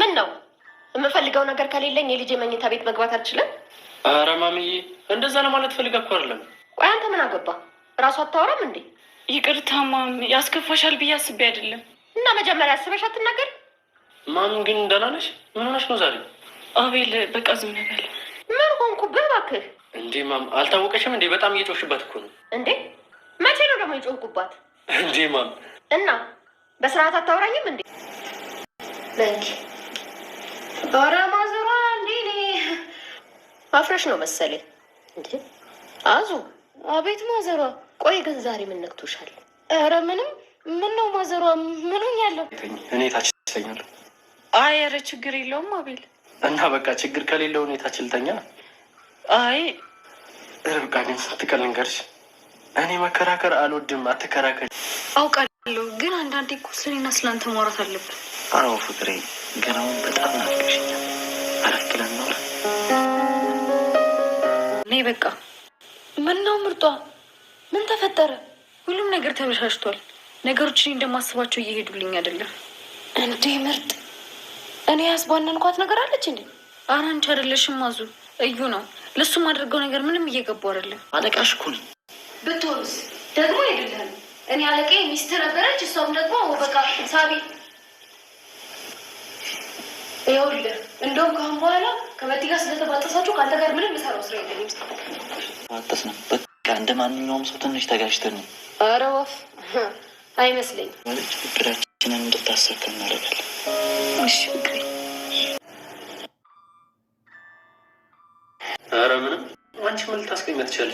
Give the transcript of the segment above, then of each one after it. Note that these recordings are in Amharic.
ምን ነው የምፈልገው ነገር ከሌለኝ የልጅ መኝታ ቤት መግባት አልችልም? ኧረ እንደዛ ነው ማለት ፈልጋ እኮ አይደለም። ቆይ አንተ ምን አገባ? ራሱ አታወራም እንዴ? ይቅርታ ማሚ፣ ያስከፋሻል ብዬ አስቤ አይደለም። እና መጀመሪያ አስበሽ አትናገር። ማም ግን ደህና ነሽ? ምን ሆነሽ ነው ዛሬ? አቤል በቃ ዝም ነገር ምን ሆንኩብህ እባክህ? እንዴ ማም አልታወቀሽም እንዴ? በጣም እየጮሽባት እኮ ነው። እንዴ መቼ ነው ደግሞ የጮህኩባት? እንዴ ማም እና በስርዓት አታወራኝም እንዴ? ኧረ ማዘሯ እንዴ እኔ አፍረሽ ነው መሰለኝ። እንዴ አዙ! አቤት ማዘሯ። ቆይ ግን ዛሬ ምን ነክቶሻል? አረ ምንም። ምን ነው ማዘሯ? ምኑን ያለው እኔ ታች ትተኛለሁ። አይ አረ ችግር የለውም አቤል። እና በቃ ችግር ከሌለው እኔ ታች ልተኛ። አይ ርብቃ ግን ስትቀል ንገርሽ፣ እኔ መከራከር አልወድም። አትከራከር። አውቃለሁ፣ ግን አንዳንዴ እኮ ስለኔና ስለአንተ ማውራት አለብን። አዎ ፍቅሬ ገናውን በጣም ናፍቀሽኛል። አረፍ ብለን ኖረ እኔ በቃ ምን ነው ምርጧ፣ ምን ተፈጠረ? ሁሉም ነገር ተበሻሽቷል። ነገሮች እኔ እንደማስባቸው እየሄዱልኝ አይደለም። እንዴ ምርጥ፣ እኔ ያስባነንኳት ነገር አለች እንዴ? ኧረ አንቺ አይደለሽም አዙ፣ እዩ ነው ለሱ ማድረገው ነገር ምንም እየገቡ አይደለም። አለቃሽ እኮ ነኝ። ብትሆንስ ደግሞ አይደለም። እኔ አለቃ ሚስትህ ነበረች፣ እሷም ደግሞ በቃ ሳቢ ይኸውልህ እንደውም ካሁን በኋላ ከበቲ ጋር ስለተባጠሳችሁ ከአንተ ጋር ምንም ስራ የለኝም። እንደ ማንኛውም ሰው ትንሽ ተጋጭተን ነው። ኧረ ወፍ አይመስለኝም። ማለት እንድታሳካ እናደርጋለን። እሺ ኧረ ምንም አንቺ ምን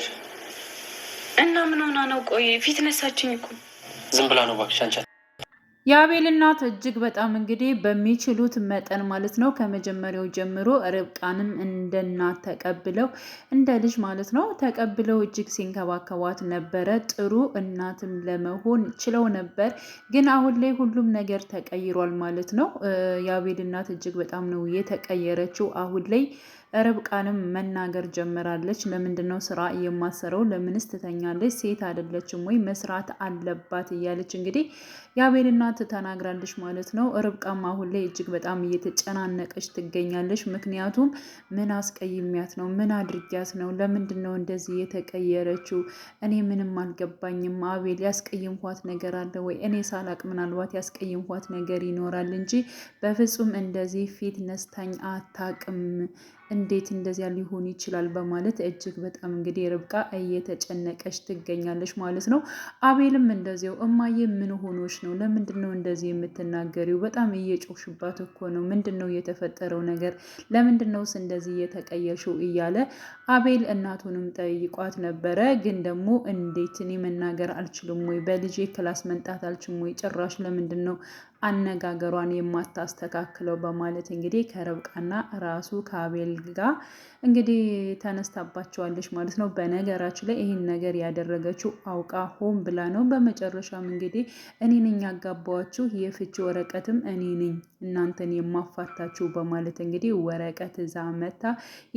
እና ምን ሆና ነው? ቆይ ፊት ነሳችኝ እኮ። ዝም ብላ ነው እባክሽ አንቺ የአቤል እናት እጅግ በጣም እንግዲህ በሚችሉት መጠን ማለት ነው ከመጀመሪያው ጀምሮ ርብቃንም እንደ እናት ተቀብለው እንደ ልጅ ማለት ነው ተቀብለው እጅግ ሲንከባከቧት ነበረ። ጥሩ እናትም ለመሆን ችለው ነበር። ግን አሁን ላይ ሁሉም ነገር ተቀይሯል ማለት ነው። የአቤል እናት እጅግ በጣም ነው የተቀየረችው አሁን ላይ ርብቃንም መናገር ጀምራለች። ለምንድን ነው ስራ የማሰረው? ለምንስ ትተኛለች? ሴት አይደለችም ወይ? መስራት አለባት እያለች እንግዲህ የአቤል እናት ተናግራለች ማለት ነው። ርብቃም አሁን ላይ እጅግ በጣም እየተጨናነቀች ትገኛለች። ምክንያቱም ምን አስቀይሚያት ነው? ምን አድርጊያት ነው? ለምንድን ነው እንደዚህ የተቀየረችው? እኔ ምንም አልገባኝም። አቤል ያስቀይምኳት ነገር አለ ወይ? እኔ ሳላቅ ምናልባት ያስቀይምኳት ነገር ይኖራል እንጂ በፍጹም እንደዚህ ፊት ነስታኝ አታቅም እንዴት እንደዚያ ሊሆን ይችላል በማለት እጅግ በጣም እንግዲህ ርብቃ እየተጨነቀች ትገኛለች ማለት ነው። አቤልም እንደዚያው እማዬ ምን ሆኖች ነው? ለምንድን ነው እንደዚህ የምትናገሪው? በጣም እየጮሽባት እኮ ነው። ምንድን ነው የተፈጠረው ነገር? ለምንድን ነውስ እንደዚህ እየተቀየርሽው? እያለ አቤል እናቱንም ጠይቋት ነበረ። ግን ደግሞ እንዴት እኔ መናገር አልችልም ወይ? በልጄ ክላስ መንጣት አልችልም ወይ? ጭራሽ ለምንድን ነው አነጋገሯን የማታስተካክለው በማለት እንግዲህ ከርብቃና ራሱ ከአቤል ጋር እንግዲህ ተነስታባቸዋለች ማለት ነው። በነገራችን ላይ ይህን ነገር ያደረገችው አውቃ ሆን ብላ ነው። በመጨረሻም እንግዲህ እኔ ነኝ የፍች የፍቺ ወረቀትም እኔ ነኝ እናንተን የማፋታችሁ በማለት እንግዲህ ወረቀት እዛ መታ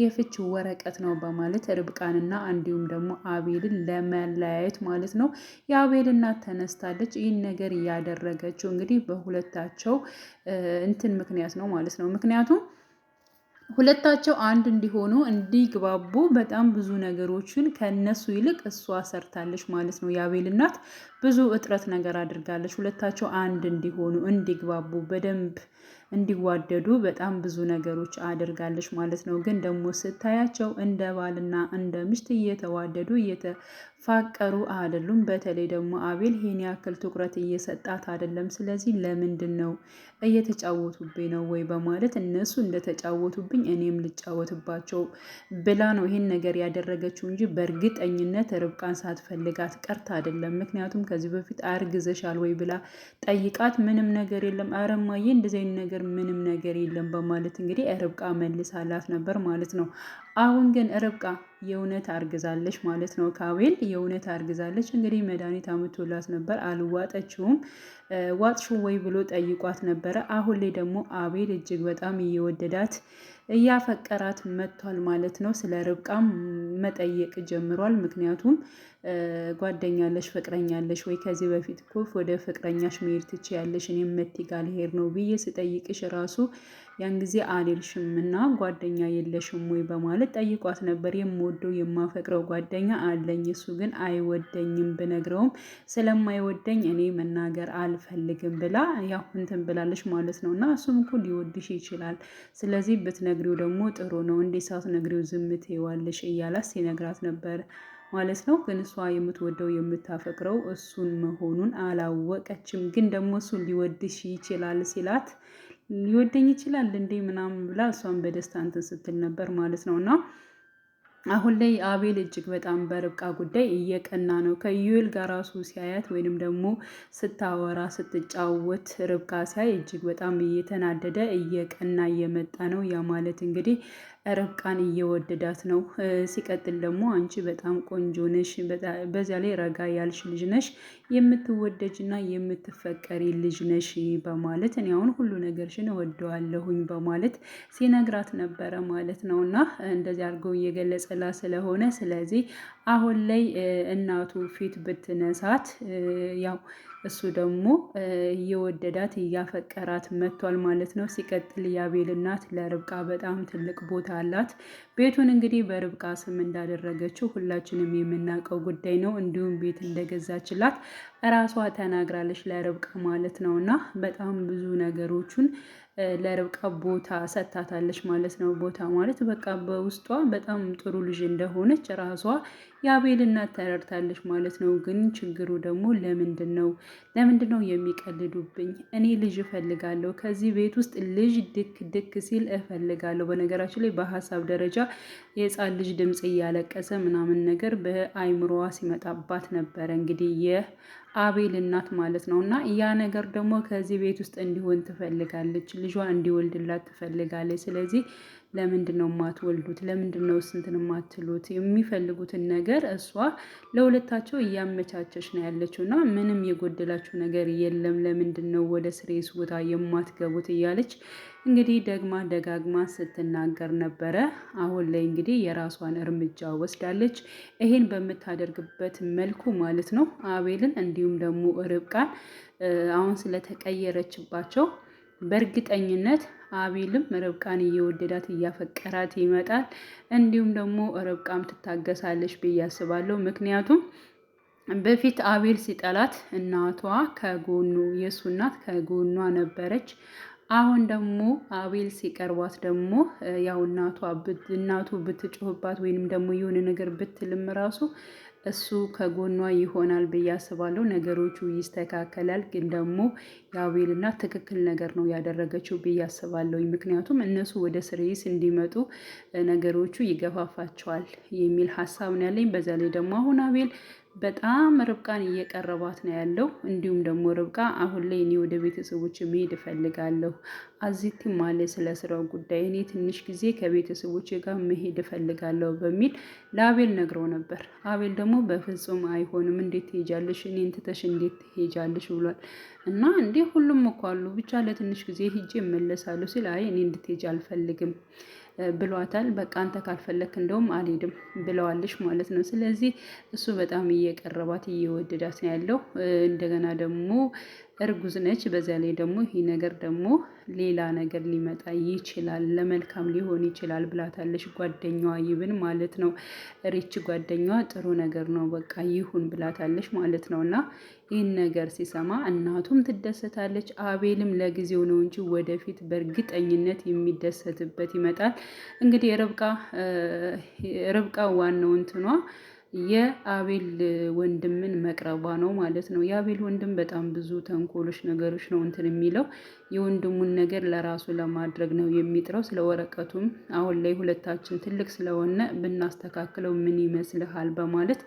የፍቺ ወረቀት ነው በማለት ርብቃንና እንዲሁም ደግሞ አቤልን ለመለያየት ማለት ነው የአቤል እናት ተነስታለች። ይህን ነገር ያደረገችው እንግዲህ በሁለ የሁለታቸው እንትን ምክንያት ነው ማለት ነው። ምክንያቱም ሁለታቸው አንድ እንዲሆኑ እንዲግባቡ በጣም ብዙ ነገሮችን ከነሱ ይልቅ እሷ ሰርታለች ማለት ነው። የአቤል እናት ብዙ እጥረት ነገር አድርጋለች። ሁለታቸው አንድ እንዲሆኑ እንዲግባቡ፣ በደንብ እንዲዋደዱ በጣም ብዙ ነገሮች አድርጋለች ማለት ነው። ግን ደግሞ ስታያቸው እንደ ባልና እንደ ምሽት እየተዋደዱ ፋቀሩ አይደሉም። በተለይ ደግሞ አቤል ይህን ያክል ትኩረት እየሰጣት አይደለም። ስለዚህ ለምንድን ነው እየተጫወቱብኝ ነው ወይ በማለት እነሱ እንደተጫወቱብኝ እኔም ልጫወትባቸው ብላ ነው ይህን ነገር ያደረገችው እንጂ በእርግጠኝነት ርብቃን ሳትፈልጋት ቀርት አይደለም። ምክንያቱም ከዚህ በፊት አርግዘሻል ወይ ብላ ጠይቃት ምንም ነገር የለም አረማዬ እንደዚህ ነገር ምንም ነገር የለም በማለት እንግዲህ ርብቃ መልሳላት ነበር ማለት ነው። አሁን ግን ርብቃ የእውነት አርግዛለች ማለት ነው። ካቤል የእውነት አርግዛለች። እንግዲህ መድኃኒት አምቶላት ነበር፣ አልዋጠችውም። ዋጥሹ ወይ ብሎ ጠይቋት ነበረ። አሁን ላይ ደግሞ አቤል እጅግ በጣም እየወደዳት እያፈቀራት መጥቷል ማለት ነው። ስለ ርብቃም መጠየቅ ጀምሯል። ምክንያቱም ጓደኛለሽ፣ ፍቅረኛለሽ ወይ ከዚህ በፊት ኮፍ ወደ ፍቅረኛሽ መሄድ ትችያለሽ፣ እኔም መቲ ጋር ልሄድ ነው ብዬ ስጠይቅሽ ራሱ ያን ጊዜ አልልሽም እና ጓደኛ የለሽም ወይ በማለት ጠይቋት ነበር። የምወደው የማፈቅረው ጓደኛ አለኝ፣ እሱ ግን አይወደኝም፣ ብነግረውም ስለማይወደኝ እኔ መናገር አልፈልግም ብላ ያው እንትን ብላለች ማለት ነው። እና እሱም እኮ ሊወድሽ ይችላል፣ ስለዚህ ብትነግሪው ደግሞ ጥሩ ነው፣ እንዴት ነግሪው ዝም ትይዋለሽ? እያላት ሲነግራት ነበር ማለት ነው። ግን እሷ የምትወደው የምታፈቅረው እሱን መሆኑን አላወቀችም። ግን ደግሞ እሱ ሊወድሽ ይችላል ሲላት ሊወደኝ ይችላል እንዴ ምናምን ብላ እሷን በደስታ እንትን ስትል ነበር ማለት ነው እና አሁን ላይ አቤል እጅግ በጣም በርብቃ ጉዳይ እየቀና ነው። ከዩኤል ጋር ራሱ ሲያያት ወይንም ደግሞ ስታወራ ስትጫወት ርብቃ ሲያይ እጅግ በጣም እየተናደደ እየቀና እየመጣ ነው። ያ ማለት እንግዲህ ርብቃን እየወደዳት ነው። ሲቀጥል ደግሞ አንቺ በጣም ቆንጆ ነሽ፣ በዚያ ላይ ረጋ ያልሽ ልጅ ነሽ፣ የምትወደጅና የምትፈቀሪ ልጅ ነሽ በማለት እኔ አሁን ሁሉ ነገርሽን እወደዋለሁኝ በማለት ሲነግራት ነበረ ማለት ነው እና እንደዚህ አድርገው እየገለጸ ተመሳስላ ስለሆነ ስለዚህ አሁን ላይ እናቱ ፊት ብትነሳት ያው እሱ ደግሞ እየወደዳት እያፈቀራት መጥቷል ማለት ነው። ሲቀጥል የአቤል እናት ለርብቃ በጣም ትልቅ ቦታ አላት። ቤቱን እንግዲህ በርብቃ ስም እንዳደረገችው ሁላችንም የምናውቀው ጉዳይ ነው። እንዲሁም ቤት እንደገዛችላት እራሷ ተናግራለች፣ ለርብቃ ማለት ነው እና በጣም ብዙ ነገሮቹን ለርብቃ ቦታ ሰጥታታለች ማለት ነው። ቦታ ማለት በቃ በውስጧ በጣም ጥሩ ልጅ እንደሆነች ራሷ የአቤል እናት ተረድታለች ማለት ነው። ግን ችግሩ ደግሞ ለምንድን ነው ለምንድን ነው የሚቀልዱብኝ? እኔ ልጅ እፈልጋለሁ ከዚህ ቤት ውስጥ ልጅ ድክ ድክ ሲል እፈልጋለሁ። በነገራችን ላይ በሀሳብ ደረጃ የህፃን ልጅ ድምፅ እያለቀሰ ምናምን ነገር በአይምሮዋ ሲመጣባት ነበረ እንግዲህ አቤል እናት ማለት ነው። እና ያ ነገር ደግሞ ከዚህ ቤት ውስጥ እንዲሆን ትፈልጋለች፣ ልጇ እንዲወልድላት ትፈልጋለች። ስለዚህ ለምንድን ነው የማትወልዱት? ለምንድን ነው ስንትን የማትሉት? የሚፈልጉትን ነገር እሷ ለሁለታቸው እያመቻቸች ነው ያለችው እና ምንም የጎደላችሁ ነገር የለም። ለምንድን ነው ወደ ስሬስ ቦታ የማትገቡት? እያለች እንግዲህ ደግማ ደጋግማ ስትናገር ነበረ። አሁን ላይ እንግዲህ የራሷን እርምጃ ወስዳለች። ይሄን በምታደርግበት መልኩ ማለት ነው አቤልን እንዲሁም ደግሞ ርብቃን አሁን ስለተቀየረችባቸው በእርግጠኝነት አቤልም ርብቃን እየወደዳት እያፈቀራት ይመጣል። እንዲሁም ደግሞ ርብቃም ትታገሳለች ብዬ አስባለሁ። ምክንያቱም በፊት አቤል ሲጠላት እናቷ ከጎኑ የእሱ እናት ከጎኗ ነበረች። አሁን ደግሞ አቤል ሲቀርቧት ደግሞ ያው እናቷ እናቱ ብትጮህባት ወይንም ደግሞ የሆነ ነገር ብትልም ራሱ እሱ ከጎኗ ይሆናል ብዬ አስባለሁ። ነገሮቹ ይስተካከላል። ግን ደግሞ የአቤል እናት ትክክል ነገር ነው ያደረገችው ብዬ አስባለሁ። ምክንያቱም እነሱ ወደ ስሬስ እንዲመጡ ነገሮቹ ይገፋፋቸዋል የሚል ሀሳብ ነው ያለኝ። በዛ ላይ ደግሞ አሁን አቤል በጣም ርብቃን እየቀረባት ነው ያለው። እንዲሁም ደግሞ ርብቃ አሁን ላይ እኔ ወደ ቤተሰቦች መሄድ እፈልጋለሁ። አዚቲ ማለት ስለ ስራው ጉዳይ እኔ ትንሽ ጊዜ ከቤተሰቦች ጋር መሄድ እፈልጋለሁ በሚል ለአቤል ነግሮ ነበር። አቤል ደግሞ በፍጹም አይሆንም፣ እንዴት ትሄጃለሽ? እኔን ትተሽ እንዴት ትሄጃለሽ? ብሏል እና እንዴ ሁሉም እኮ አሉ ብቻ ለትንሽ ጊዜ ሂጄ እመለሳለሁ ሲል አይ እኔ እንድትሄጅ አልፈልግም ብሏታል። በቃ አንተ ካልፈለክ እንደውም አልሄድም ብለዋለች ማለት ነው። ስለዚህ እሱ በጣም እየቀረባት እየወደዳት ነው ያለው እንደገና ደግሞ እርጉዝ ነች። በዛ ላይ ደግሞ ይህ ነገር ደግሞ ሌላ ነገር ሊመጣ ይችላል፣ ለመልካም ሊሆን ይችላል ብላታለች ጓደኛዋ ይብን ማለት ነው። ሪች ጓደኛዋ ጥሩ ነገር ነው በቃ ይሁን ብላታለች ማለት ነው። እና ይህን ነገር ሲሰማ እናቱም ትደሰታለች። አቤልም ለጊዜው ነው እንጂ ወደፊት በእርግጠኝነት የሚደሰትበት ይመጣል። እንግዲህ ርብቃ ዋናው እንትኗ የአቤል ወንድምን መቅረቧ ነው ማለት ነው። የአቤል ወንድም በጣም ብዙ ተንኮሎች ነገሮች ነው እንትን የሚለው የወንድሙን ነገር ለራሱ ለማድረግ ነው የሚጥረው። ስለ ወረቀቱም አሁን ላይ ሁለታችን ትልቅ ስለሆነ ብናስተካክለው ምን ይመስልሃል በማለት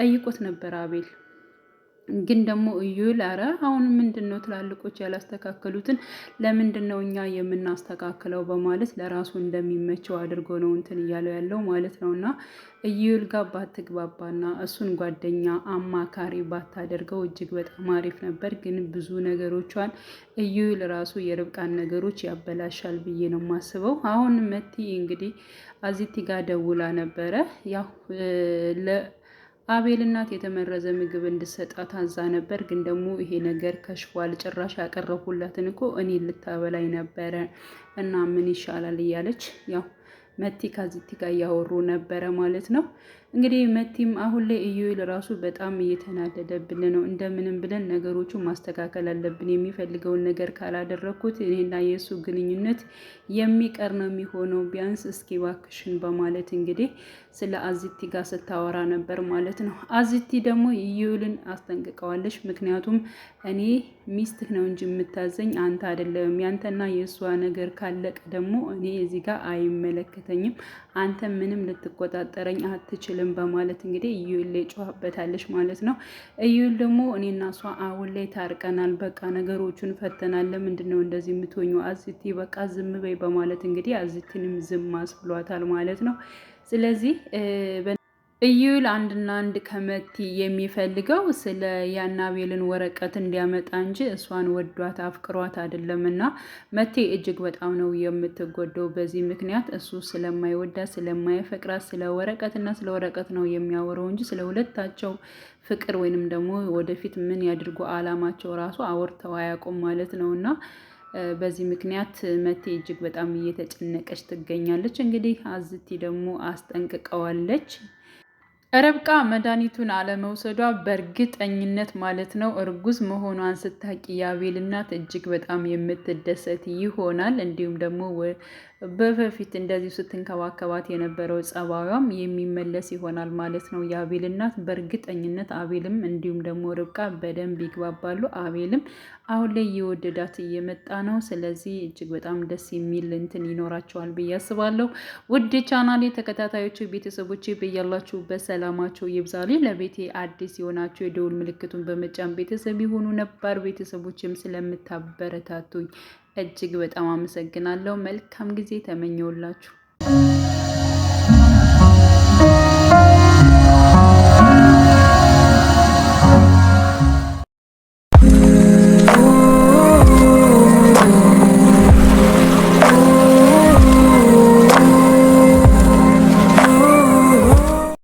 ጠይቆት ነበር አቤል ግን ደግሞ እዩል ላረ አሁን ምንድን ነው ትላልቆች ያላስተካከሉትን ለምንድን ነው እኛ የምናስተካክለው? በማለት ለራሱ እንደሚመቸው አድርጎ ነው እንትን እያለው ያለው ማለት ነው። እና እዩል ጋር ባትግባባና እሱን ጓደኛ አማካሪ ባታደርገው እጅግ በጣም አሪፍ ነበር። ግን ብዙ ነገሮቿን እዩል ራሱ የርብቃን ነገሮች ያበላሻል ብዬ ነው የማስበው። አሁን መቲ እንግዲህ አዚቲ ጋር ደውላ ነበረ ያው አቤል እናት የተመረዘ ምግብ እንድሰጣት አዛ ነበር። ግን ደግሞ ይሄ ነገር ከሽፏል። ጭራሽ ያቀረብኩላትን እኮ እኔ ልታበላይ ነበረ እና ምን ይሻላል እያለች ያው መቲ ከዚቲ ጋር እያወሩ ነበረ ማለት ነው። እንግዲህ መቲም አሁን ላይ ኢዩኤል ራሱ በጣም እየተናደደብን ነው። እንደምንም ብለን ነገሮቹ ማስተካከል አለብን። የሚፈልገውን ነገር ካላደረግኩት እኔና የእሱ ግንኙነት የሚቀር ነው የሚሆነው። ቢያንስ እስኪ ባክሽን በማለት እንግዲህ ስለ አዚቲ ጋር ስታወራ ነበር ማለት ነው። አዚቲ ደግሞ ኢዩኤልን አስጠንቅቀዋለች። ምክንያቱም እኔ ሚስትህ ነው እንጂ የምታዘኝ አንተ አይደለም። ያንተና የእሷ ነገር ካለቀ ደግሞ እኔ እዚህ ጋር አይመለከተኝም። አንተ ምንም ልትቆጣጠረኝ አትችልም አልችልም በማለት እንግዲህ እዩል ላይ ጮኸበታለች ማለት ነው። እዩል ደግሞ እኔና እሷ አሁን ላይ ታርቀናል፣ በቃ ነገሮቹን ፈተናል። ለምንድን ነው እንደዚህ የምትሆኙ? አዝቲ በቃ ዝም በይ በማለት እንግዲህ አዝቲንም ዝም አስብሏታል ማለት ነው። ስለዚህ እዩል አንድና አንድ ከመቲ የሚፈልገው ስለ ያናቤልን ወረቀት እንዲያመጣ እንጂ እሷን ወዷት አፍቅሯት አይደለም። እና መቴ እጅግ በጣም ነው የምትጎደው በዚህ ምክንያት። እሱ ስለማይወዳት ስለማይፈቅራት ስለ ወረቀትና ስለ ወረቀት ነው የሚያወረው እንጂ ስለ ሁለታቸው ፍቅር ወይንም ደግሞ ወደፊት ምን ያድርጉ አላማቸው ራሱ አወርተው አያውቁም ማለት ነው እና በዚህ ምክንያት መቴ እጅግ በጣም እየተጨነቀች ትገኛለች። እንግዲህ አዝቲ ደግሞ አስጠንቅቀዋለች። ረብቃ መድኃኒቱን አለመውሰዷ በእርግጠኝነት ማለት ነው እርጉዝ መሆኗን ስታቂ የአቤል እናት እጅግ በጣም የምትደሰት ይሆናል። እንዲሁም ደግሞ በፊት እንደዚሁ ስትንከባከባት የነበረው ጸባዋም የሚመለስ ይሆናል ማለት ነው። የአቤል እናት በእርግጠኝነት አቤልም እንዲሁም ደግሞ ርብቃ በደንብ ይግባባሉ። አቤልም አሁን ላይ የወደዳት እየመጣ ነው። ስለዚህ እጅግ በጣም ደስ የሚል እንትን ይኖራቸዋል ብዬ አስባለሁ። ውድ ቻናሌ ተከታታዮች ቤተሰቦች ብያላችሁ በሰላማቸው ይብዛል። ለቤቴ አዲስ የሆናቸው የደውል ምልክቱን በመጫን ቤተሰብ የሆኑ ነባር ቤተሰቦችም ስለምታበረታቱኝ እጅግ በጣም አመሰግናለሁ። መልካም ጊዜ ተመኘውላችሁ።